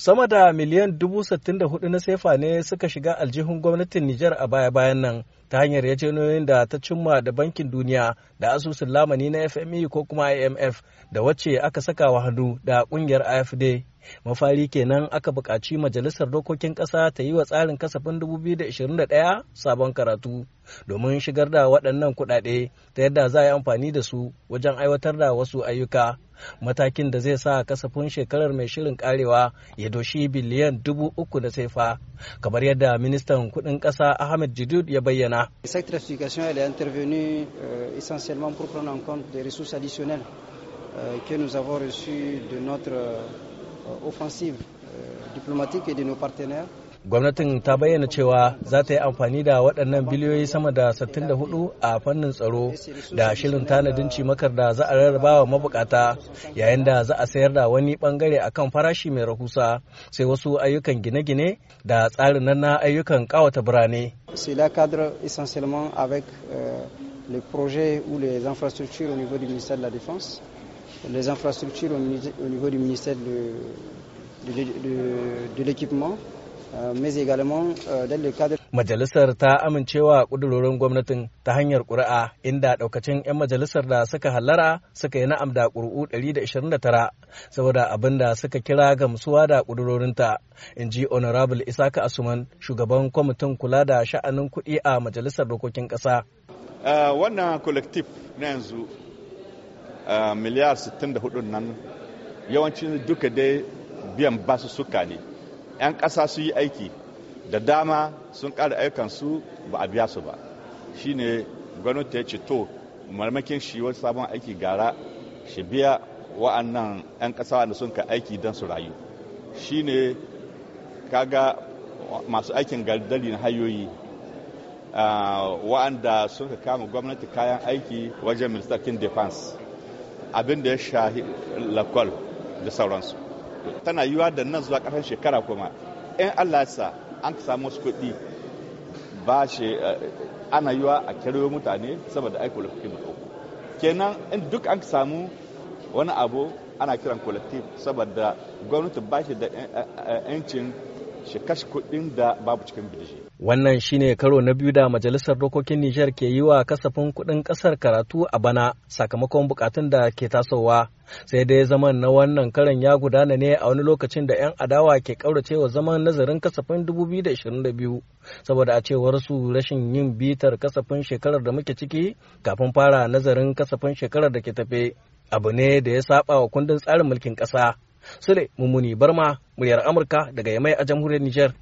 sama da miliyan dubu sittin da hudu na sefa ne suka shiga aljihun gwamnatin Nijar a baya-bayan nan ta hanyar yajenoyin da ta cimma da bankin duniya da asusun lamani na FME ko kuma IMF da wacce aka saka wa hannu da kungiyar AFD mafari kenan aka buƙaci majalisar dokokin ƙasa ta yi wa tsarin kasafin 2021 sabon karatu domin shigar da waɗannan kuɗaɗe ta yadda za a yi amfani da su wajen aiwatar da wasu ayyuka matakin da zai sa kasafin shekarar mai shirin karewa ya doshi biliyan dubu uku da saifa kamar yadda ministan kuɗin ƙasa ahmed jidud ya bayyana euh, euh, que nous avons reçu de notre euh, Euh, offensive euh, diplomatique de nos partenaires gwamnatin ta bayyana cewa za ta yi amfani da waɗannan biliyoyi sama da 64 a fannin tsaro da shirin tanadin cimakar da za a rarrabawa mabukata yayin da za a sayar da wani bangare akan farashi mai rahusa sai wasu ayyukan gine-gine da tsarin nan na ayyukan kawata birane le euh, projet ou les infrastructures au niveau du ministère de la Défense. les infrastructures au, niveau du ministère de, de, de, de l'équipement, euh, euh, Majalisar ta amincewa kudurorin gwamnatin ta hanyar ƙuri'a inda ɗaukacin 'yan majalisar da suka hallara suka yi na'am da ƙuri'u 129 saboda abin da suka kira gamsuwa da kudurorinta in ji Honorable Isaka Asuman shugaban kwamitin kula da sha'anin kuɗi a majalisar dokokin ƙasa. Uh, wannan kolektif na yanzu Eh, miliyar 64 nan yawanci duka dai biyan basu suka ne 'yan ƙasa su yi aiki da dama sun ƙara aikansu ba a biya su ba shine gwamnati ya ce to marmakin shi wani sabon aiki gara shi biya wa'annan 'yan ƙasa da sun ka aiki don su rayu shine kaga masu aikin gardari na hayoyi eh, wa'anda suka kama gwamnati kayan aiki wajen ministakin defense abin da ya shahi lakwal da sauransu tana yiwa da nan zuwa ƙarshen shekara kuma in allah sa an ka samu wasu kuɗi ba shi eh, ana yiwa a kirayo mutane saboda ai kolektif uku kenan in duk an ka samu wani abu ana kiran kolektif saboda gwamnati ba shi da 'yancin eh, eh, shi kashe kuɗin da babu cikin birji Wannan shine karo na biyu da Majalisar Dokokin Nijar ke yi wa kasafin kuɗin ƙasar karatu a bana sakamakon bukatun da ke tasowa. Sai dai zaman na wannan karan ya gudana ne a wani lokacin da 'yan adawa ke wa zaman nazarin kasafin 2022 saboda a cewar su rashin yin bitar kasafin shekarar da muke ciki kafin fara nazarin kasafin shekarar da ke tafe abu ne da ya saba wa kundin tsarin mulkin ƙasa. Sule Mummuni Barma, muryar Amurka daga Yamai a jamhuriyar Nijar.